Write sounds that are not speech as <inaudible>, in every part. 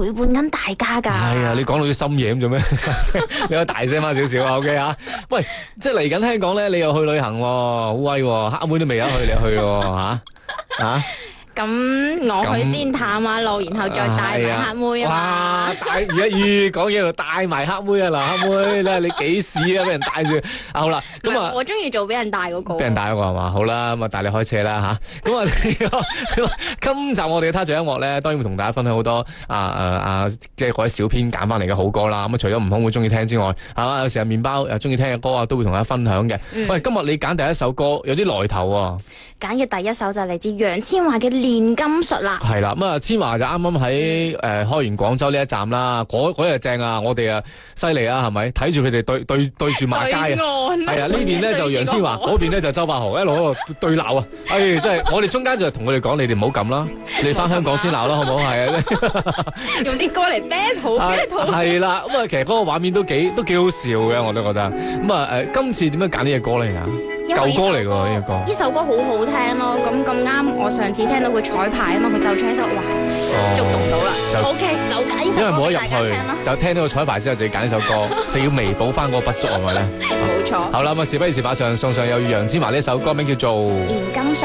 陪伴緊大家㗎，係啊、哎！你講到啲深嘢咁做咩？ <laughs> 你可以大聲翻少少啊！OK 嚇，喂，即係嚟緊香港咧，你又去旅行喎，好威黑妹都未有去，你去喎吓？嚇、啊。啊咁我去先探下路，然後再帶埋黑妹啊嘛！帶而家咦講嘢又帶埋黑妹啊嗱，黑妹你你幾屎啊俾人帶住？好啦咁啊，我中意做俾人帶嗰個，俾人帶嗰個係嘛？好啦咁啊，帶你開車啦吓。咁啊 <laughs> 今集我哋嘅他最音樂咧，當然會同大家分享好多啊啊啊嘅嗰啲小編揀翻嚟嘅好歌啦。咁除咗悟空會中意聽之外，係、啊、嘛有時候麵包又中意聽嘅歌啊，都會同大家分享嘅。嗯、喂，今日你揀第一首歌有啲來頭喎、啊！揀嘅第一首就係嚟自楊千嬅嘅。煉金術啦，係啦，咁啊，千嬅，就啱啱喺誒開完廣州呢一站啦，嗰日正啊，我哋啊犀利啦，係咪？睇住佢哋對對對住馬街啊，係啊對案 了，呢邊咧就楊千嬅，嗰邊咧就周柏豪，一路一路對鬧啊，哎，真、就、係、是、我哋中間就同佢哋講，你哋唔好咁啦，你翻香港先鬧啦，啊、好唔好？係啊， <laughs> <laughs> 用啲歌嚟 battle 好 b a n 係啦，咁啊， <laughs> <laughs> <laughs> <laughs> <laughs> 其實嗰個畫面都幾都幾好笑嘅，我都覺得。咁啊，誒，今次點樣揀呢隻歌咧？啊！舊歌嚟嘅呢個歌，呢首歌好好聽咯。咁咁啱，我上次聽到佢彩排啊嘛，佢就唱一首哇，觸動到啦。O K，就，okay, 就揀呢首，因為冇得入去，就聽到彩排之後就要揀呢首歌， <laughs> 就要彌補翻嗰個不足係咪咧？冇錯。 <laughs> 好啦，我事不宜遲馬上送上有楊千嬅呢首歌，名叫做《煉金術》。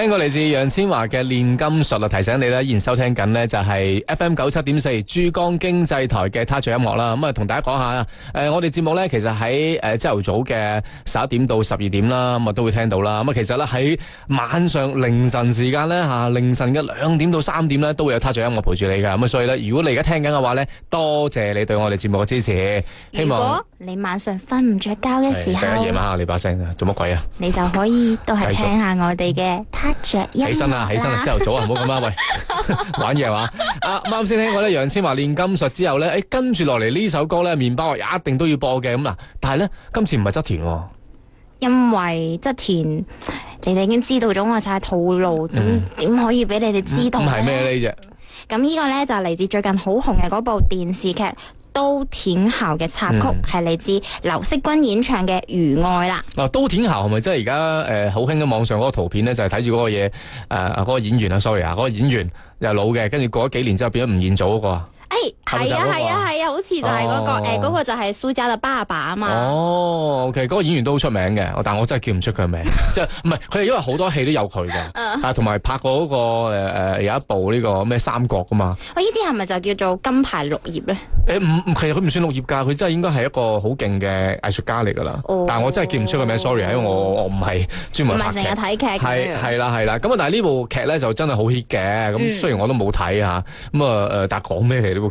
聽過來自楊千嬅嘅煉金術啊，提醒你咧，現收聽緊呢就係 F M 九七點四珠江經濟台嘅 Touch 音樂啦。咁啊，同大家講下誒，我哋節目咧其實喺誒朝頭早嘅十一點到十二點啦，咁啊都會聽到啦。咁啊，其實咧喺晚上凌晨時間咧吓，凌晨嘅兩點到三點咧都會有 Touch 音樂陪住你噶。咁啊，所以咧，如果你而家聽緊嘅話咧，多謝你對我哋節目嘅支持。希望你晚上瞓唔着覺嘅時候，夜晚黑、啊、你把聲做乜鬼啊？你就可以都係聽下我哋嘅。 <laughs> 續起身啦，起身啦，朝頭早啊，唔好咁啦，喂，玩嘢話 <laughs> 啊，啱先聽過咧，楊千嬅練金術之後咧，誒、欸，跟住落嚟呢首歌咧，麵包我一定都要播嘅，咁嗱，但係咧，今次唔係側田喎、哦，因為側田你哋已經知道咗我晒套路，點點、嗯、可以俾你哋知道？唔係咩呢隻？咁呢個咧就嚟自最近好紅嘅嗰部電視劇。刀片喉嘅插曲係嚟自劉惜君演唱嘅《愚愛》啦。嗱、嗯，刀片喉係咪即係而家誒好興嘅網上嗰個圖片咧，就係睇住嗰個嘢，誒、嗰、呃嗰個演員啊，sorry 啊，嗰個演員又老嘅，跟住過咗幾年之後變咗吳彥祖嗰個。係、哎那個、啊，係啊，係啊，啊，好似就係嗰、那個誒，嗰、哦欸那個就係蘇家樂爸阿爸啊嘛。哦，OK，嗰個演員都好出名嘅，但我真係叫唔出佢嘅名，即係唔係佢係因為好多戲都有佢嘅，同埋、啊、拍過嗰、那個誒誒、呃呃、有一部呢、這個咩三國噶嘛。我呢啲係咪就叫做金牌綠葉咧？誒唔、欸嗯、其實佢唔算綠葉噶，佢真係應該係一個好勁嘅藝術家嚟噶啦。哦、但係我真係叫唔出佢名，sorry，因為我我唔係專門唔係成日睇劇，係係啦係啦。咁是這樣 但係呢部劇咧就真係好 hit 嘅。咁、嗯、雖然我都冇睇啊，咁啊誒，但係講咩嘅咧？劇其實講嘅就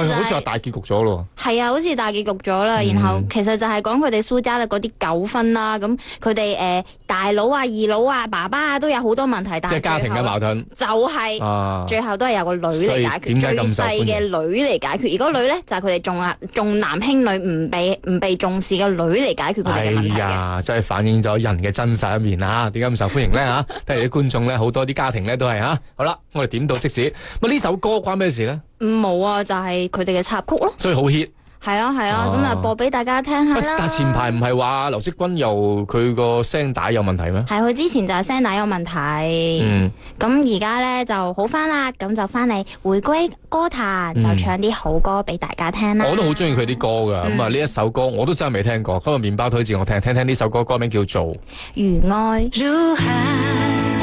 係好似話大結局咗咯，係啊，好似大結局咗啦。然後其實就係講佢哋蘇家嘅嗰啲糾紛啦。咁佢哋誒大佬啊、二佬啊、爸爸啊，都有好多問題。但係家庭嘅矛盾，就係最後都係由個女嚟解決。點解咁受歡迎？最細嘅女嚟解決。而嗰女咧，就係佢哋重啊重男輕女唔被唔被重視嘅女嚟解決佢哋嘅問題嘅。哎呀，真係反映咗人嘅真實一面啊！點解咁受歡迎咧？吓，睇嚟啲觀眾咧，好多啲家庭咧都係吓。好啦，我哋點到即止。咁呢首歌關咩事咧？冇啊，就係佢哋嘅插曲咯，所以好 hit。係咯係咯，咁啊播俾大家聽下啦。但前排唔係話劉惜君又佢個聲帶有問題咩？係佢之前就係聲帶有問題，咁而家咧就好翻啦，咁就翻嚟，回歸歌壇，就唱啲好歌俾大家聽啦。嗯、我都好中意佢啲歌噶，咁啊呢一首歌我都真係未聽過，今日麵包推薦我，我聽，聽聽呢首歌，歌名叫做《如愛如》嗯。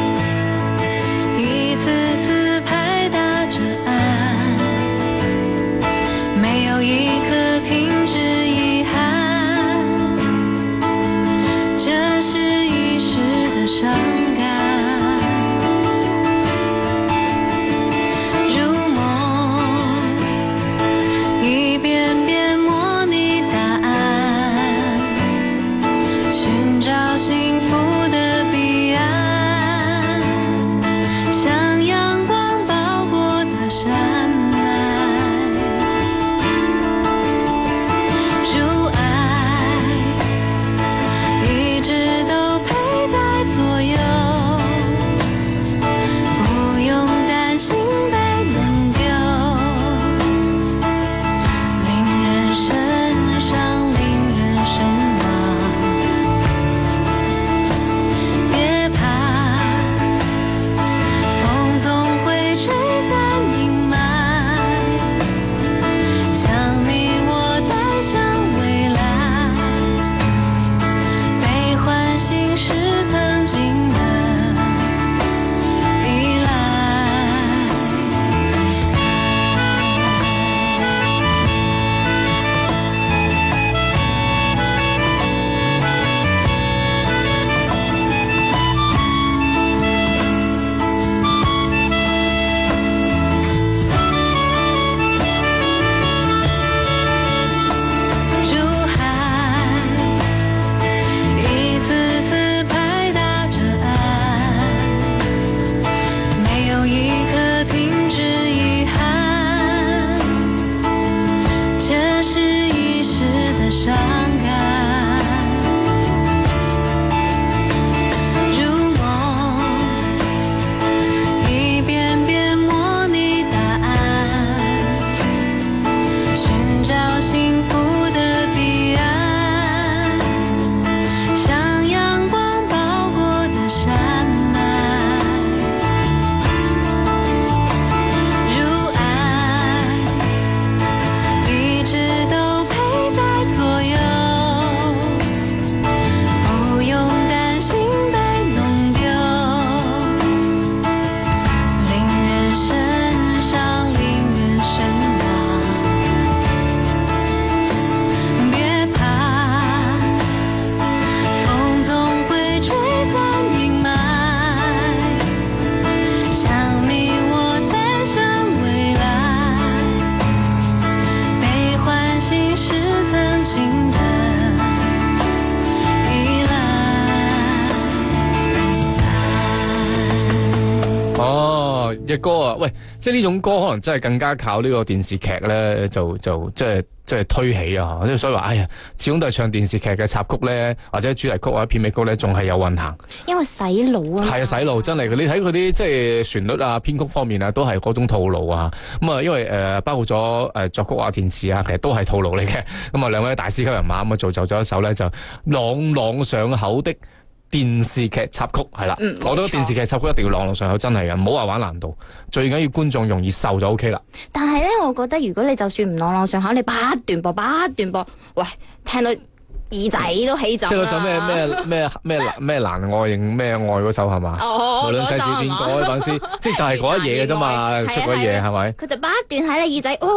即係呢種歌可能真係更加靠呢個電視劇咧，就就即係即係推起啊！所以話，哎呀，始終都係唱電視劇嘅插曲咧，或者主題曲或者片尾曲咧，仲係有運行。因為洗腦啊。係啊，洗腦真係。你睇佢啲即係旋律啊、編曲方面啊，都係嗰種套路啊。咁啊，因為誒、呃、包括咗誒、呃、作曲啊、填詞啊，其實都係套路嚟嘅。咁啊，兩位大師級人馬咁啊做就咗一首咧，就朗朗上口的。電視劇插曲係啦，攞到、嗯、電視劇插曲一定要朗朗上口，真係嘅，唔好話玩難度，最緊要觀眾容易受就 O K 啦。但係咧，我覺得如果你就算唔朗朗上口，你不斷播不斷播，喂，聽到。耳仔都起咗啊！即係嗰首咩咩咩咩咩難愛型咩愛嗰首係嘛？無論世事變改，粉絲即係就係嗰一嘢嘅啫嘛，出嗰嘢係咪？佢就不斷喺你耳仔，哇！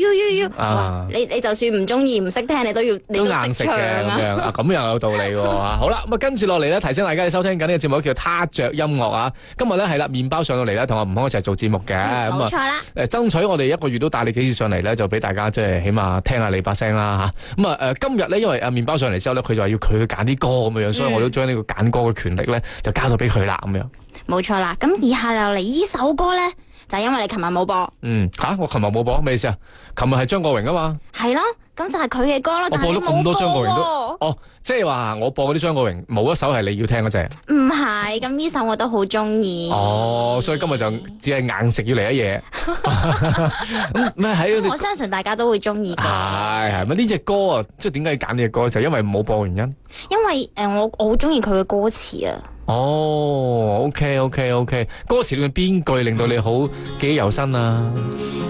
要要要啊！你你就算唔中意唔識聽，你都要你都識唱啊！咁又有道理喎！好啦，咁啊跟住落嚟咧，提醒大家要收聽緊呢個節目叫《他着音樂》啊！今日咧係啦，麵包上到嚟咧，同阿吳康一齊做節目嘅，咁啊，冇錯啦，爭取我哋一個月都帶你幾次上嚟咧，就俾大家即係起碼聽下你把聲啦吓。咁啊誒，今日咧因為誒麵包。翻上嚟之後咧，佢就話要佢去揀啲歌咁樣，所以我都將呢個揀歌嘅權力咧、嗯，就交咗俾佢啦咁樣。冇錯啦，咁以下又嚟呢首歌咧，就係因為你琴日冇播。嗯，吓我琴日冇播，咩意思啊？琴日係張國榮啊嘛。係咯。咁就係佢嘅歌咯，我播咗咁多張國榮都哦，即係話我播嗰啲張國榮冇一首係你要聽嗰隻，就係？唔係，咁呢首我都好中意。哦，所以今日就只係硬食要嚟一嘢。咁咩喺？我相信大家都會中意。 <laughs> 係，係咪呢隻歌啊？即係點解揀呢隻歌？就係、因為冇播原因。因為誒、呃，我我好中意佢嘅歌詞啊。哦、oh,，OK OK OK，歌詞裏面邊句令到你好記憶猶新啊？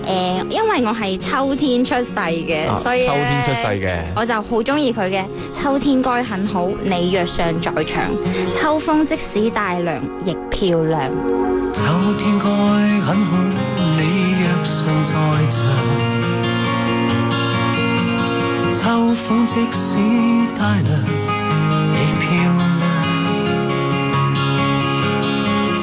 誒，因為我係秋天出世嘅，啊、所以秋天出世嘅，我就好中意佢嘅《秋天該很好》，你若尚在場，秋風即使帶涼亦漂亮。秋天該很好，你若尚在場，秋風即使帶涼。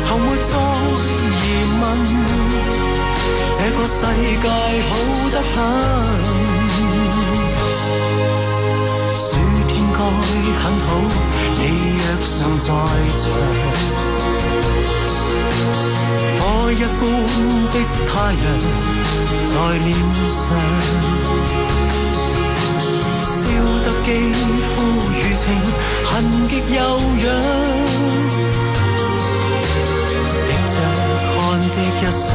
從沒再疑問，這個世界好得很。暑天該很好，你若尚在場。火一般的太陽在臉上，燒得肌膚如情，痕極柔軟。的一生。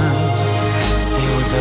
笑着。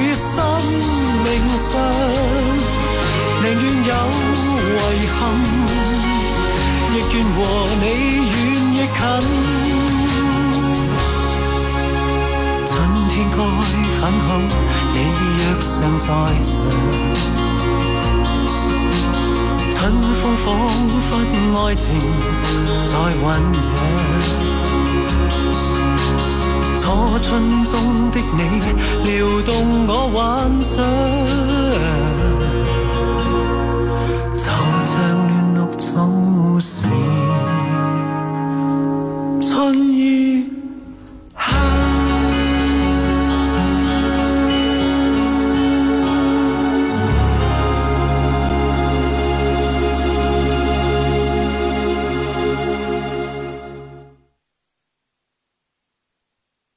於生命上，寧願有遺憾，亦願和你遠亦近。 <noise> 春天該很好，你若尚在場。春風彷彿愛情在醖釀。 <noise> 春中的你，撩動我幻想。